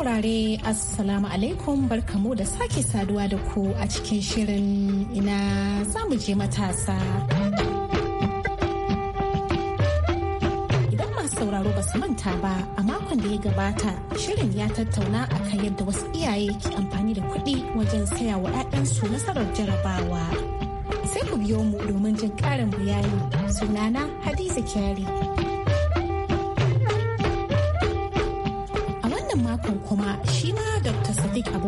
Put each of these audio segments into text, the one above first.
saurare assalamu alaikum barkamu da sake saduwa da ku a cikin shirin ina mu je matasa. idan masu sauraro ba su manta ba a makon da ya gabata shirin ya tattauna a kan yadda wasu iyaye ke amfani da kuɗi wajen saya wa 'ya'yansu nasarar jarabawa sai ku biyo mu domin jin ƙarin bayani sunana hadiza kyari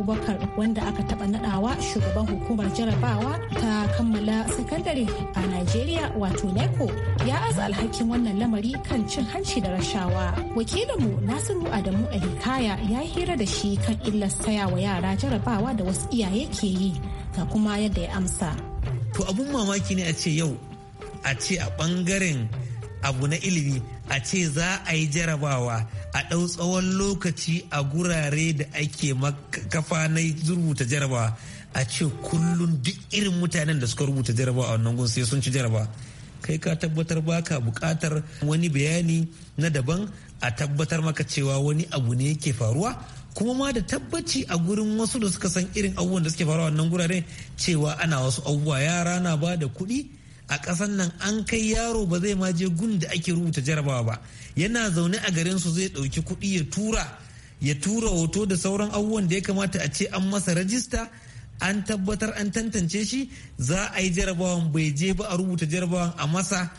abubakar wanda aka taba nadawa shugaban hukumar jarabawa ta kammala sakandare a nigeria wato neco ya aza alhakin wannan lamari kan cin hanci da rashawa wakilinmu nasiru adamu alikaya ya hira da shi kan illar saya wa yara jarabawa da wasu iyaye ke yi ga kuma yadda ya amsa to abun mamaki ne a ce yau a ce a bangaren abu na ilimi a ce za a yi jarabawa a ɗau tsawon lokaci a gurare da ake kafa na rubuta jaraba a ce kullum duk irin mutanen da suka rubuta jaraba a wannan gun sai sun ci jaraba. kai ka tabbatar baka buƙatar wani bayani na daban a tabbatar maka cewa wani abu ne yake faruwa kuma ma da tabbaci a gurin wasu da suka san irin abubuwan da suke faruwa wannan gurare cewa ana wasu abubuwa yara na ba da kuɗi a ƙasan nan an kai yaro ba zai ma je gun da ake rubuta jarabawa ba yana zaune a garin su zai ɗauki kuɗi ya tura ya tura hoto da sauran abubuwan da ya kamata a ce an masa rajista an tabbatar an tantance shi za a yi jarabawan bai je ba a rubuta jarabawan a masa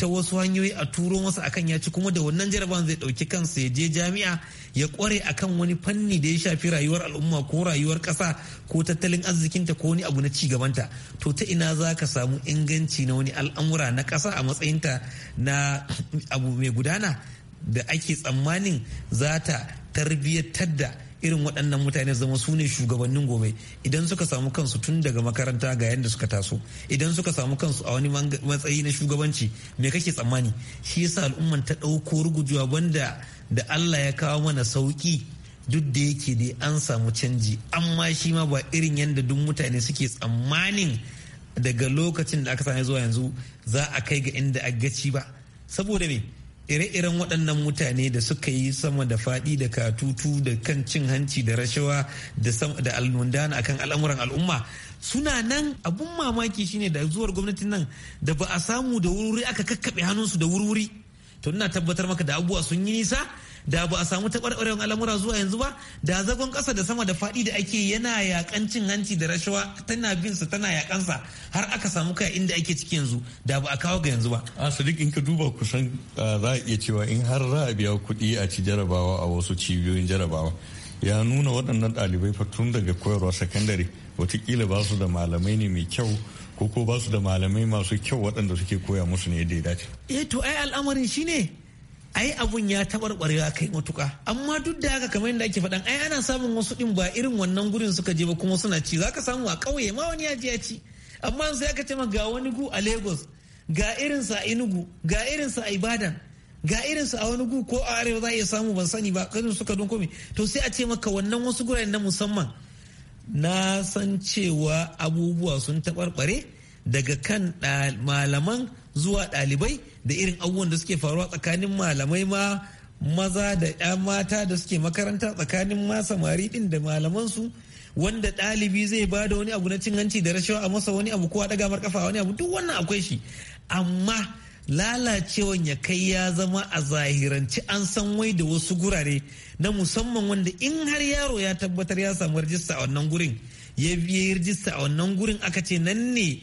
ta wasu hanyoyi a turo masa akan ya ci kuma da wannan jaraban zai ɗauki kansa ya je jami'a ya kware akan wani fanni da ya shafi rayuwar al'umma ko rayuwar kasa ko tattalin arzikinta ko wani abu na ci gabanta to ta ina za ka samu inganci na wani al'amura na kasa a matsayinta na abu mai gudana da ake tsammanin za ta tarbiyyatar da irin waɗannan mutane zama su ne shugabannin gobe idan suka samu kansu tun daga makaranta ga yadda suka taso idan suka samu kansu a wani matsayi na shugabanci me kake tsammani shi yasa al'ummar ta ɗauko rugujewa banda da Allah ya kawo mana sauki duk da yake dai an samu canji amma shi ma ba irin yadda duk mutane suke tsammanin daga lokacin da aka same zuwa yanzu za a kai ga inda a gaci ba saboda me ire-iren waɗannan mutane da suka yi sama da faɗi da katutu da kan cin hanci da rashawa da almundana akan al'amuran al'umma suna nan abun mamaki shine da zuwar gwamnatin nan da ba a samu da wuri aka kakkaɓe hannunsu da wuri-wuri to ina tabbatar maka da abubuwa sun yi nisa da ba a samu taɓarɓarewar al'amura zuwa yanzu ba da zagon ƙasa da sama da faɗi da ake yana yakan cin hanci da rashawa tana bin sa tana sa har aka samu kai inda ake ciki yanzu da ba a kawo ga yanzu ba a sadiq in ka duba kusan za a iya cewa in har za a biya kuɗi a ci jarabawa a wasu cibiyoyin jarabawa ya nuna waɗannan ɗalibai fa tun daga koyarwa sakandare watakila ba su da malamai ne mai kyau ko ko ba su da malamai masu kyau waɗanda suke koya musu ne yadda ya dace. Eh to ai al'amarin shine ai abun ya a kai matuka amma duk da haka kamar yadda ake faɗan ai ana samun wasu ɗin ba irin wannan gurin suka je ba kuma suna ci za ka samu a ƙauye ma wani ya je ya ci amma sai aka ce ma ga wani gu a lagos ga irinsa a inugu ga irinsa a ibadan ga sa a wani gu ko a arewa za a iya samu ban sani ba kanin suka don komi to sai a ce maka wannan wasu gurare na musamman na san cewa abubuwa sun tabarbare daga kan malaman zuwa ɗalibai da irin abubuwan da suke faruwa tsakanin malamai ma maza da 'ya mata da suke makaranta tsakanin ma samari ɗin da malamansu wanda ɗalibi zai ba da wani abu na cin hanci da rashawa a masa wani abu ko daga ɗaga mar kafa wani abu duk wannan akwai shi amma lalacewan ya kai ya zama a zahiranci an san wai da wasu gurare na musamman wanda in har yaro ya tabbatar ya samu rajista a wannan gurin ya biye rajista a wannan gurin aka ce nan ne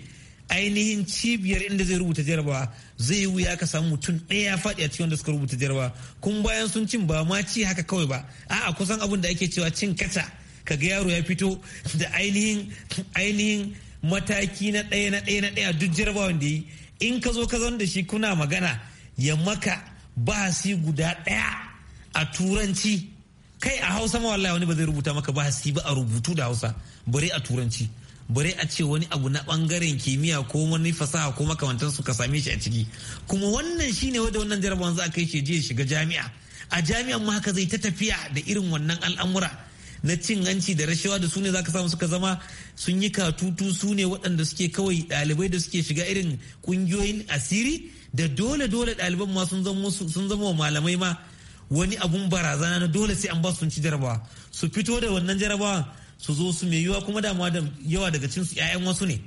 ainihin cibiyar inda zai rubuta jarabawa zai yi wuya ka samu mutum ɗaya faɗi a cikin da suka rubuta jarabawa kun bayan sun cin ba ma ci haka kawai ba a'a kusan abin da ake cewa cin kaca ga yaro ya fito da ainihin ainihin mataki na ɗaya na ɗaya na ɗaya duk jarabawa da yi in ka zo ka da shi kuna magana ya maka bahasi guda ɗaya a turanci kai a hausa ma wallahi wani ba zai rubuta maka bahasi ba a rubutu da hausa bare a turanci bare a ce wani abu na bangaren kimiyya ko wani fasaha ko makamantan su ka same shi a ciki kuma wannan shine wanda wannan jarabawan za a kai shi je shiga jami'a a jami'an ma haka zai ta tafiya da irin wannan al'amura na cin hanci da rashawa da su ne zaka samu suka zama sun yi katutu su ne waɗanda suke kawai ɗalibai da suke shiga irin ƙungiyoyin asiri da dole dole ɗaliban ma sun zama wa malamai ma wani abun barazana na dole sai an ba su ci jarabawa su fito da wannan jarabawa su zo su mai yiwa kuma dama da yawa daga cinsu su ƴaƴan wasu ne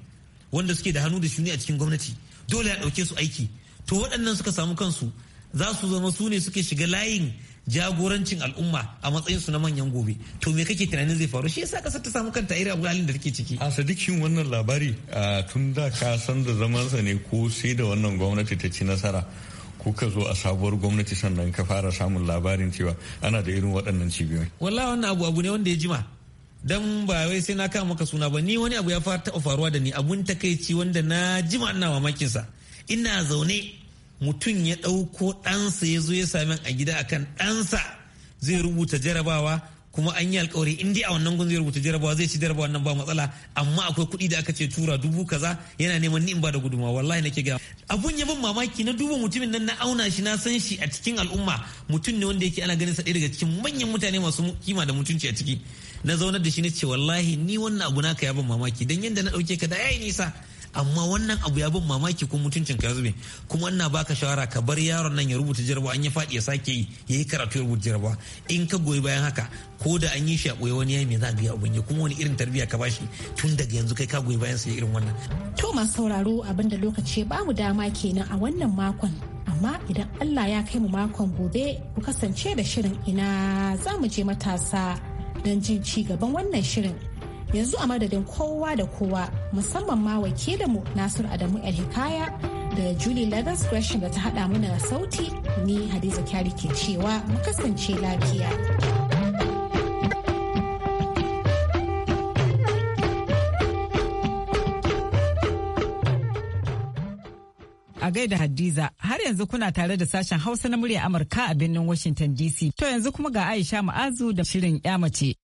wanda suke da hannu da shuni a cikin gwamnati dole a ɗauke su aiki to waɗannan suka samu kansu za su zama su ne suke shiga layin jagorancin al'umma a matsayin su na manyan gobe to me kake tunanin zai faru shi yasa kasar ta samu kanta irin abu da take ciki a sadikin wannan labari tun da ka san da zamansa ne ko sai da wannan gwamnati ta ci nasara ka zo a sabuwar gwamnati sannan ka fara samun labarin cewa ana da irin waɗannan cibiyoyi wallahi wannan abu abu ne wanda ya jima dan ba wai sai na kama maka suna ba ni wani abu ya taɓa faruwa da ni abun takaici wanda na jima ina mamakin sa ina zaune mutum ya ɗauko ɗansa ya zo ya sami a gida akan ɗansa zai rubuta jarabawa kuma an yi alkawari in dai a wannan gun zai rubuta jarabawa zai ci jarabawa nan ba matsala amma akwai kuɗi da aka ce tura dubu kaza yana neman ni in ba da guduma wallahi nake ga abun ya ban mamaki na duba mutumin nan na auna shi na san shi a cikin al'umma mutum ne wanda yake ana ganin sa ɗaya daga cikin manyan mutane masu kima da mutunci a ciki na zaunar da shi na ce wallahi ni wannan abu naka ya ban mamaki don yadda na dauke ka da yayi nisa amma wannan abu ya ban mamaki ko mutuncin ka zube kuma ina baka shawara ka bar yaron nan ya rubuta jarabawa an ya faɗi ya sake yi ya yi karatu ya rubuta jarabawa in ka goyi bayan haka ko da an yi shi a ɓoye wani yayi me za a biya abin ya kuma wani irin tarbiyya ka bashi tun daga yanzu kai ka goyi bayan sa irin wannan. to masu sauraro abinda lokaci ya bamu dama kenan a wannan makon amma idan Allah ya kai mu makon gobe ku kasance da shirin ina za mu je matasa don jin ci gaban wannan shirin. Yanzu a madadin kowa da kowa musamman ma mu Nasiru Adamu El Hikaya da Julie lagos question da ta haɗa mana sauti ni Hadiza Kyari ke cewa mu kasance lafiya. a gaida Hadiza har yanzu kuna tare da sashen Hausa na murya Amurka a birnin Washington DC. To yanzu kuma ga Aisha Ma'azu da shirin 'ya mace.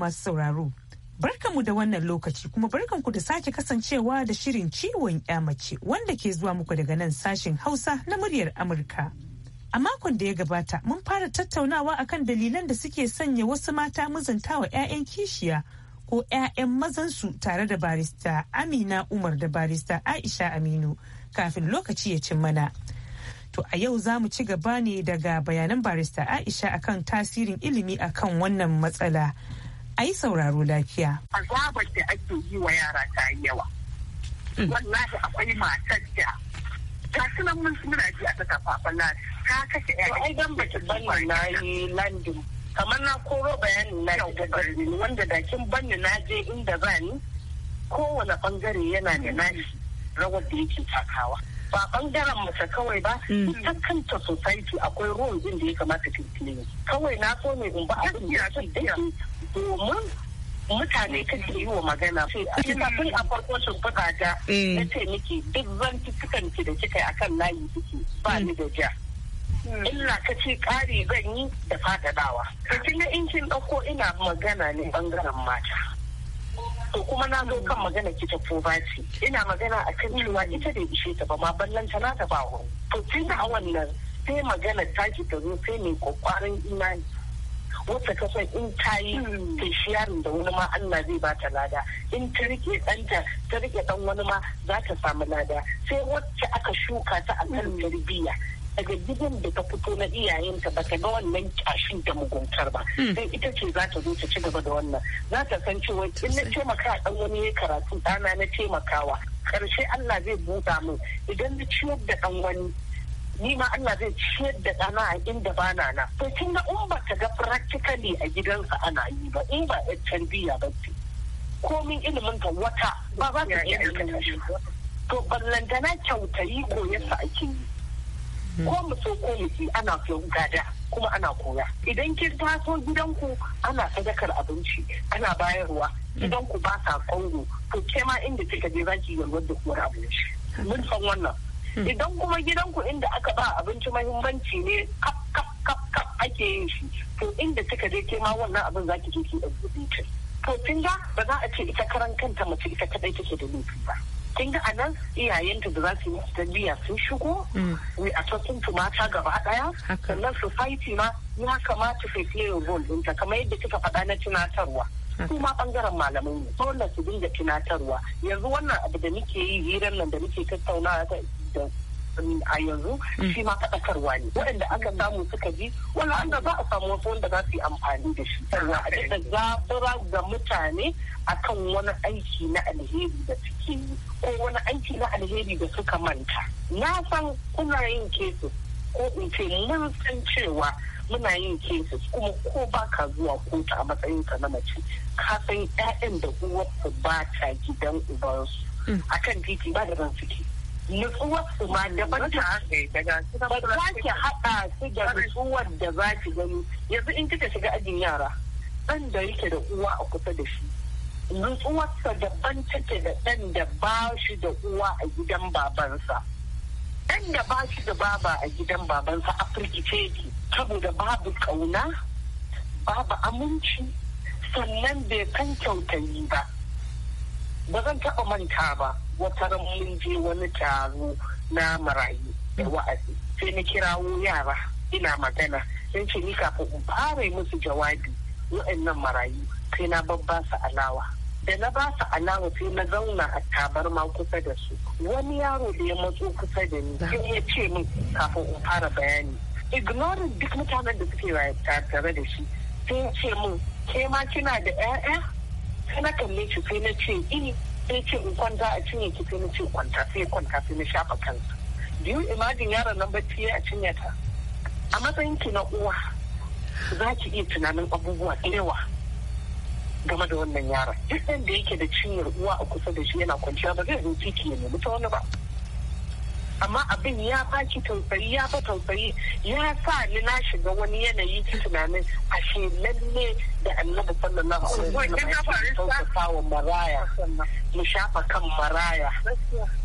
masu sauraro. Barkanmu da wannan lokaci kuma barkanku da sake kasancewa da shirin ciwon mace wanda ke zuwa muku daga nan sashen Hausa na muryar Amurka. A makon da ya gabata mun fara tattaunawa akan dalilan da suke sanya wasu mata wa 'ya'yan kishiya ko 'ya'yan mazansu tare da barista Amina Umar da barista Aisha Aminu kafin lokaci ya cin mana. To a yau za mu ci gaba ne daga bayanan barista Aisha akan tasirin ilimi akan wannan matsala. a sauraro lafiya. Azabar da ake yi wa yara ta yi yawa. Mm. Wallahi akwai matar da ta sunan mun suna ji a ta na ta kashe ya ai dan baki bani na yi landin kamar na koro bayanin na da ne, wanda dakin bani na je inda bani kowane bangare yana da nashi rawar da yake takawa. ba bangaren mace kawai ba mm. ta kanta society akwai ruwan din da ya kamata ta yi kawai na so ne in ba abin da ya domin mutane kake yi wa magana sai a cikin a farko shimfiɗa ta na mm. ce miki duk tukan ki da kika akan layi kike ba ni da ja mm. illa ka ce zan yi da faɗaɗawa. Kaci na injin ɗauko ina magana ne bangaren mata. to kuma na zo kan magana ki ta ce ina magana a kan cewa ita da ishe ta ba ma ballan ta na ta ba wani to tun da wannan sai magana ta ki ta zo sai mai kokarin imani wata kasan in ta yi ta shiyarin da wani ma Allah zai ba ta lada in ta rike ɗanta ta rike ɗan wani ma za ta samu lada sai wacce aka shuka ta a kan tarbiyya daga gidan da ka fito na iyayenta ba ta ga wannan kyashin da muguntar ba hmm. sai ita ce za ta zo ta ci gaba da wannan za ta san cewa in na taimaka dan wani ya karatu ɗana na taimakawa karshe Allah zai buɗa min idan na ciyar da ɗan wani ni ma Allah zai ciyar da ɗana a inda ba na na to kin ga umma ta ga practically a gidansa ana yi ba in ba tarbiyya ba ce komin ilimin ka wata ba za ka iya aikata shi to ballantana kyautayi koyarsa ake yi ko mu so ko mu ana so gada kuma ana koya idan kin taso gidanku ana sadakar abinci ana bayarwa gidanku ba sa kongo to ke ma inda kika je za ki yarwar da kuma abinci mun san wannan idan kuma gidanku inda aka ba abinci mahimmanci ne kap kap kap kap ake yin shi to inda kika je ke ma wannan abin za ki je ki ɗauki to kin ga ba za a ce ita karan kanta mace ita kadai kake da laifi ba kin ga anan iyayenta da za su yi tarbiyya sun shigo ne a tsakin tumata gaba daya sannan society ma ya kamata su play role ta kamar yadda kika faɗa na tunatarwa su ma bangaren malamai ne dole su dinga tunatarwa yanzu wannan abu da muke yi hirar nan da muke tattaunawa da a yanzu mm. shi ma faɗakarwa ne waɗanda aka samu suka ji wani anda za a samu wasu wanda za su yi amfani da shi sannan a daɗa zabura ga mutane akan wani aiki na alheri da suke yi ko wani aiki na alheri da suka manta na san kuna yin kesu ko in ce mun san cewa muna yin kesis kuma ko ba ka zuwa kotu a matsayinka na mace ka san 'ya'yan da uwarsu ba ta gidan ubansu mm. kan titi ba da ran suke nutsuwar su ma daban ta ba haɗa su da nutsuwar da za ki gani yanzu in kika shiga ajin yara ɗan da yake da uwa a kusa da shi nutsuwarsa daban take da ɗan da ba shi da uwa a gidan babansa ɗan da ba shi da baba a gidan babansa a firgice yake saboda babu ƙauna babu aminci sannan bai kan kyautayi ba ba zan taɓa manta ba wata mun je wani taro na marayu da wa'azi sai na kirawo yara ina magana sun ce ni kafin in fara musu jawabi waɗannan marayu sai na babba su alawa da na ba su alawa sai na zauna a tabarma kusa da su wani yaro da ya matso kusa da ni sai ya ce min kafin in fara bayani ignoring duk mutanen da suke tare da shi sai ya ce min ke ma kina da 'ya'ya kana na kalle ki sai na ce in eh, sai ce in kwanta a cinye ki na ce kwanta sai kwanta sai na shafa kansa biyu imajin yaron nan bacci ya cinye ta a matsayin ki na uwa za ki iya tunanin abubuwa da yawa game da wannan yaron duk da yake da cinyar uwa a kusa da shi yana kwanciya ba zai zo ciki ya nemi ta wani ba amma abin ya baki tausayi ya ba tausayi ya sa ni na shiga wani yanayi tunanin ashe lalle da annabi sallallahu alaihi wasallam ya wa maraya mu shafa kan maraya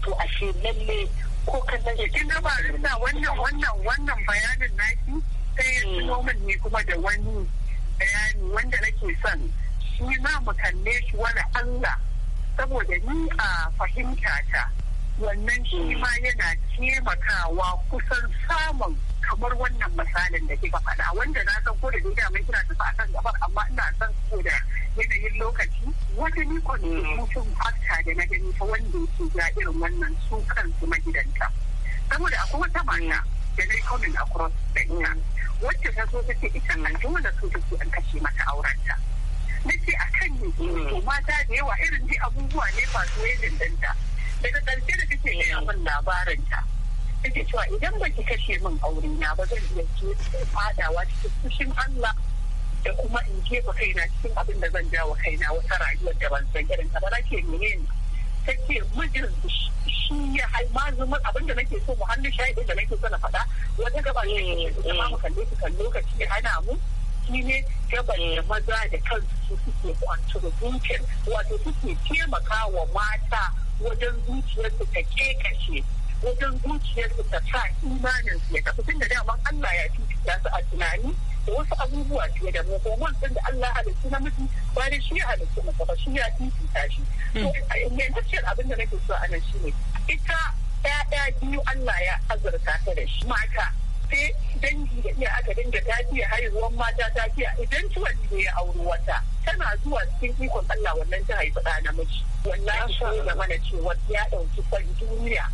to a shi lalle ko kan da kin ga barista wannan wannan wannan bayanin naki sai hmm. nomin ne kuma da wani bayani wanda nake son shi na mu kalle shi wani Allah saboda ni a fahimta ta wannan shi ma yana taimakawa kusan samun kamar wannan misalin da kika faɗa wanda na san ko da ni da mai kira a kan gabar amma ina san ko da yanayin lokaci wata ni mm. mutum fakta da na gani ta wanda yake ga irin wannan su kansu magidanta saboda akwai wata manya da na yi kaunin a cross da ina mm. wacce ta so take ita an mm. dole so take an kashe mata aurenta nace akan a kan mata da yawa irin dai abubuwa ne fasu ya dindanta daga ƙarshe da take gaya mm. min labarin ta take cewa idan baki kashe min aure na ba zan iya ke fadawa cikin fushin Allah da kuma in jefa kaina cikin abin da zan jawo kaina wata rayuwar da ban san irin ta ba nake ni take mijin shi ya haima zumar abin da nake so mu hannu shayi da nake so na faɗa wata gaba ne da mm, mu mm. kalle su kan lokaci ya hana mu shi ne gaban da maza da kansu suke kwantar wato suke taimaka wa mata wajen zuciyar su ta kekashe wajen zuciyarsu ta sa imanin su ya tafi tun da daman Allah ya cuta su a tunani da wasu abubuwa fiye da mako. Mun san da Allah halittu na miji ba da shi halittu na kafa shi ya cuta shi hmm. to yanzu abin da nake so a nan shine ita ɗaya biyu Allah ya azurta ta da shi mata sai dangi da iya aka dinga tafiya haihuwar mata tafiya idan ciwon ne ya auri wata tana zuwa cikin ikon Allah wannan ta haifi ɗa namiji wallahi ko da mana cewa ya ɗauki kwan duniya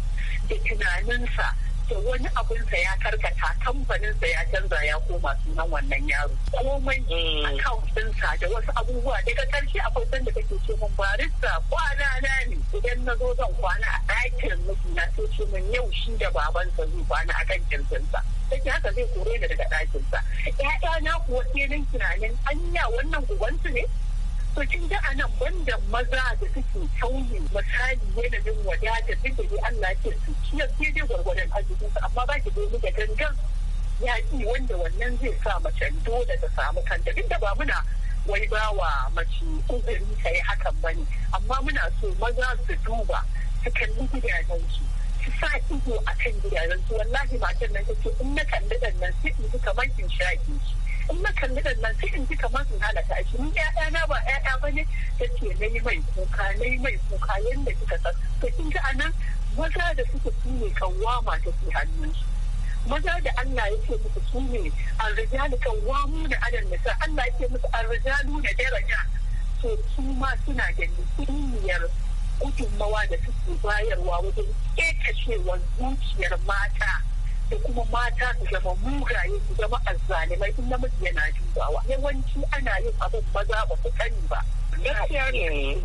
da tunaninsa da wani abinsa ya karkata kamfaninsa ya canza ya koma sunan wannan yaro komai mm. akauntinsa da wasu abubuwa daga karshe akwai sanda kake ce mun barista kwana na ne idan na zo zan kwana a ɗakin mijina sai ce mun yau shi da babansa zai kwana a kan kirjinsa sai haka zai kore ni daga ɗakinsa ƴaƴa na kuwa sai tunanin anya wannan ubansu ne to kin ga anan banda maza da suke sauyi misali yanayin wadata duk da Allah ke su shi ya sai dai gwargwadon amma ba ki da gangan yaƙi wanda wannan zai sa mace dole ta samu kanta duk da ba muna wai ba wa mace uzuri ta yi hakan ba ne amma muna so maza su duba su kalli su ki sa ido a kan gidajen su wallahi matan nan take in na kalli dan nan sai in ji kamar in shaƙe shi in na kalli dan nan sai in ji kamar in halaka shi ni ƴaƴa na ba ƴaƴa bane take nayi mai kuka nayi mai kuka yanda kika san to kin ga anan maza da suka su ne kawama take hannun su maza da Allah ya ce musu su ne arrijalu kawamu da adan nisa Allah ya ce musu arrijalu na daraja to su ma suna da niyyar gudunmawa da suke bayarwa wajen ƙetacewar zuciyar mata da kuma mata su zama mugaye su zama azzalimai in namiji yana dubawa yawanci ana yin abin maza ba su sani ba gaskiya ne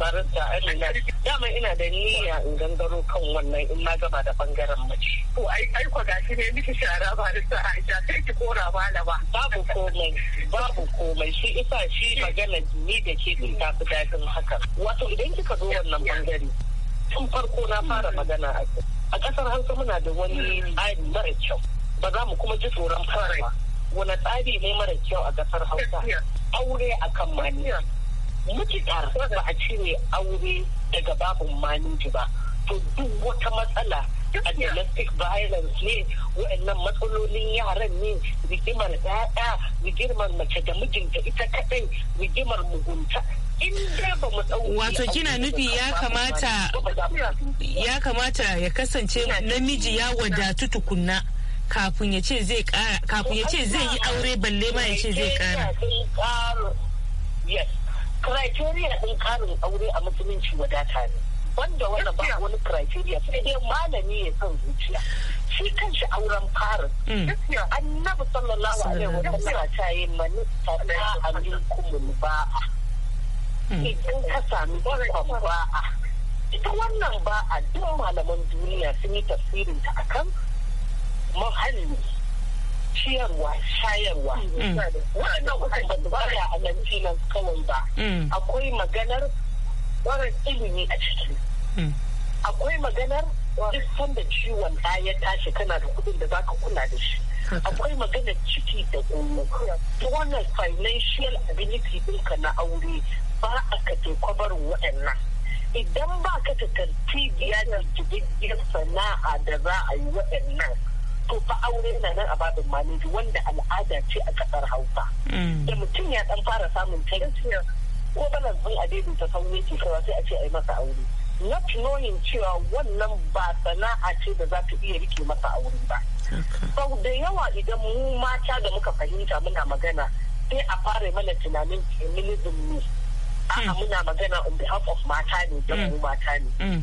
barista amina dama ina da niyya in gangaro kan wannan in ma gaba da bangaren mace to ai ai ko ne miki shara barista aisha sai ki kora malama babu komai babu komai shi isa shi magana ni da ke din ta fi haka wato idan kika zo wannan bangare tun farko na fara magana a a kasar hausa muna da wani tsari mara kyau ba za mu kuma ji tsoron fara wani tsari ne mara kyau a kasar hausa aure akan mani mutukar ba a ne aure daga babin maniji ba to duk wata matsala a domestic violence ne wa'annan matsalolin yaran ne rigimar ɗaya rigimar mace da mijinta ita kaɗai rigimar mugunta Wato kina nufi ya kamata ya kamata ya kasance namiji ya wadatu tukunna kafin ya ce zai kafin ya ce zai yi aure balle ma ya ce zai kara. Yes. criteria ɗin ƙarin aure a musulunci wadata ne wanda wanda ba wani criteria sai dai malami ya san zuciya shi kan kanshi auren farin mm. annabi sallallahu alaihi wa sallam ta yi manista ta kumun ba'a mm. idan ka sami kwan ba'a ita wannan ba'a duk malaman duniya sun yi tafsirin ta akan muhalli ciyarwa shayarwa wannan mm. kusan ba a nan filin kawai ba mm. akwai maganar tsarin ilimi a ciki mm. akwai maganar duk sanda ciwon ɗaya ya tashi kana da kuɗin da zaka kula da shi akwai maganar ciki da goyo ta wannan financial ability ɗinka na aure ba a ka kwabar waɗannan idan ba ka da tartibiyar da sana'a da za a yi waɗannan to fa aure yana nan a babin maniji wanda al'ada ce a kasar hausa mm. da mutum ya dan fara samun tarihiyar ko bana sun a ta sauye ke kawai sai a ce a yi masa aure na knowing cewa wannan ba sana'a ce da za ta iya rike masa aure ba sau da yawa idan mu mata da muka fahimta muna magana sai a fara mana tunanin feminism ne a'a hmm. muna magana on behalf of mata ne da mu hmm. mata ne hmm.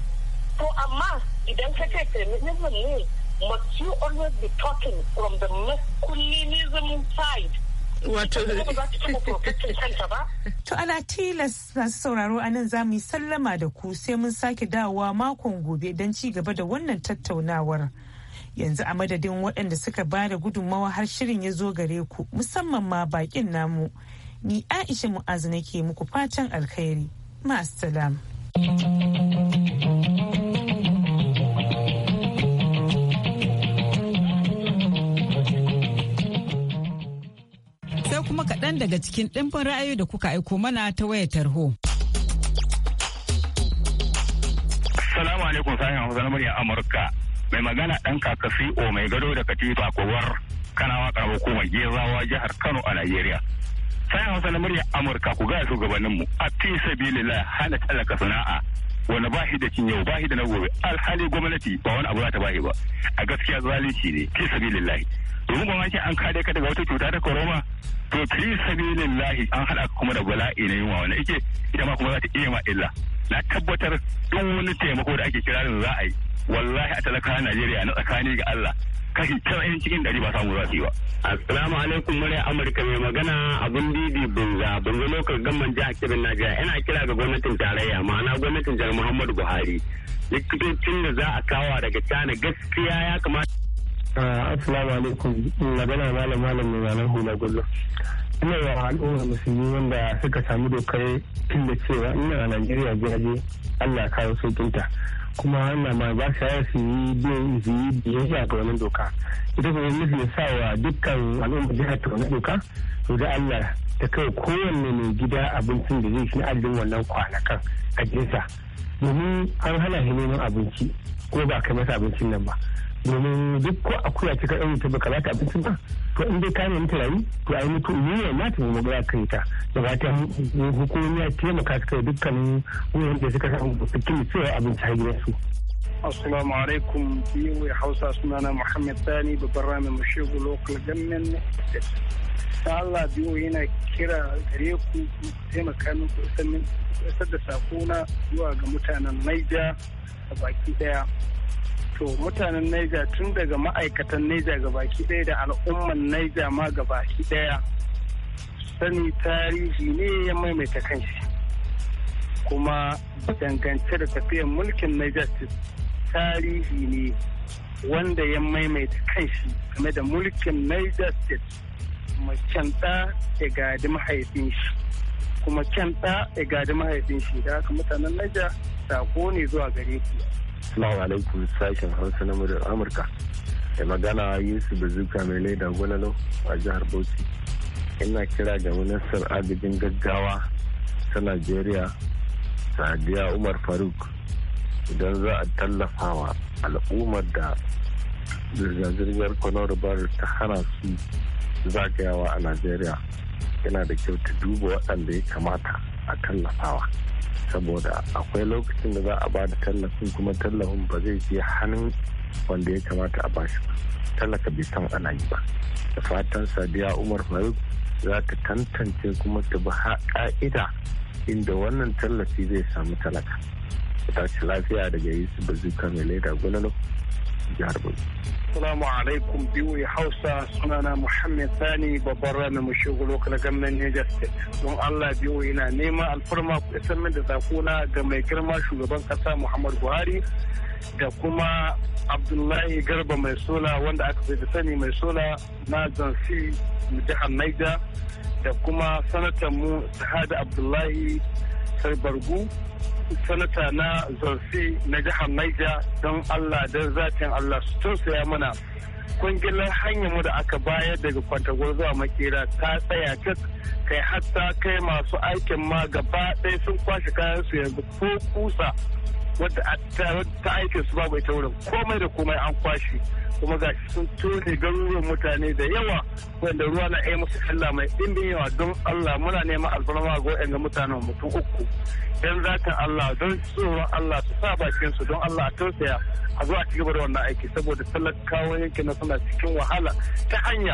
to amma idan ka ce feminism ne must you always be talking from the masculinism side wato to ana tilas masu sauraro a nan za mu yi sallama da ku sai mun sake dawowa makon gobe don ci gaba da wannan tattaunawar yanzu a madadin waɗanda suka ba da gudunmawa har shirin ya zo gare ku musamman ma bakin namu ni aisha mu'azu nake muku fatan alkhairi ma'asalam. kuma kaɗan daga cikin ɗimfin ra'ayoyi da kuka aiko mana ta wayar tarho. Salamu alaikum sahin Hausa na murya Amurka. Mai magana ɗan kaka CO mai gado da katifa kowar kanawa karamar hukumar Gezawa jihar Kano a Najeriya. sayan Hausa na murya Amurka ku gaya shugabanninmu a fi sabilillah hana talaka sana'a wanda ba shi da cin yau ba shi da na gobe alhali gwamnati ba wani abu za ta ba ba a gaskiya zalunci ne fi sabilillahi domin gwamnati an kare ka daga wata cuta ta koroma to fi sabilillahi an haɗa ka kuma da bala'i na yunwa wanda ike ita ma kuma za ta iya ma illa na tabbatar duk wani taimako da ake kirarin za a yi wallahi a talakawa Najeriya na tsakani ga Allah kashi can cikin ɗari ba samu za su yi ba. Assalamu alaikum murya Amurka mai magana abun didi bunza bunza lokal gamman jihar Kebbi Najeriya yana kira ga gwamnatin tarayya ma'ana gwamnatin jihar Muhammadu Buhari likitocin da za a kawo daga China gaskiya ya kamata. Ah, Assalamu alaikum magana malam malam mai malam hula gullo. Ina wa al'ummar musulmi wanda suka sami dokar tun da cewa ina a Najeriya jirage Allah kawo sauƙinta. kuma wannan ma za sa yi su yi yi biyayya ga wannan doka ita kuma gwamnati ya sa wa dukkan al'umma jihar ta doka to da Allah ta kai kowanne mai gida abincin da zai shi adadin wannan kwanakan a jinsa domin an hana shi neman abinci ko ba kai masa abincin nan ba domin duk ko akuya kika ɗauke ta baka za abincin ba to in dai kame mata to a yi mutu ne na ta mu kai ta da ta hukumomi ya taimaka suka yi dukkan wuyan da suka samu su sai abinci har gidansu. Assalamu alaikum biyu Hausa na Muhammad Sani babban ramin Mashegu Local Government ta Allah biyu yana kira gare ku taimaka min ku isar da sakona zuwa ga mutanen Niger a baki daya. to mutanen naija tun daga ma'aikatan ga gabaki ɗaya da al'umman naija ma gabaki ɗaya sani tarihi ne ya maimaita kanshi kuma dangance da tafiyar mulkin naija tarihi ne wanda ya maimaita kanshi game da mulkin naija State macen ɗa ya gadi mahaifin shi kuma kyan ya gadi mahaifin shi da haka mutanen naija sako ne zuwa gare ku Assalamu alaikum sashen Hausa na muryar Amurka. Da magana Yusuf zuka mai laida gwalalo a jihar Bauchi. Ina kira ga ministan agajin gaggawa ta Najeriya, Sadiya Umar Faruk. Idan za a tallafawa al'ummar da zirga-zirgar bar ta hana su zagayawa a Najeriya. Yana da kyau ta duba waɗanda ya kamata a tallafawa. saboda akwai lokacin da za a ba da tallafin kuma tallafin ba zai je hannun wanda ya kamata a bashi ba tallaka bai san ana yi ba da fatan sadiya umar faruk za ta tantance kuma ta bi ka'ida inda wannan tallafi zai samu talaka tashi lafiya daga yusuf bazuka mai laida gwalalo jihar bauchi Assalamu alaikum biyu Hausa sunana Muhammad Sani babban mu mashigo kala gwamnan Niger State. Don Allah biyu yana neman alfarma ku isar min da zakuna ga mai girma shugaban kasa Muhammad Buhari da kuma Abdullahi Garba mai sola wanda aka fi sani mai sola na Zansi jihar Niger da kuma sanatan mu Sahada Abdullahi kasar Bargu sanata na Zorsi na jihar naija don Allah don zatin Allah su tausaya mana kungilar hanyar mu da aka bayar daga kwantagwar zuwa makera ta tsaya cik kai hatta kai masu aikin ma gaba ɗaya sun kwashe kayan su yanzu ko kusa wadda ta aiki su babu ita taurin komai da komai an kwashe kuma ga sun tone garuruwan mutane da yawa wanda ruwa na ai musu Allah mai dimbin yawa don Allah muna neman alfarma ga waɗanda mutanen mutum uku dan zakan Allah don tsoron Allah su sa bakin su don Allah a tausaya a zuwa ci gaba da wannan aiki saboda talakawa yankin suna cikin wahala ta hanya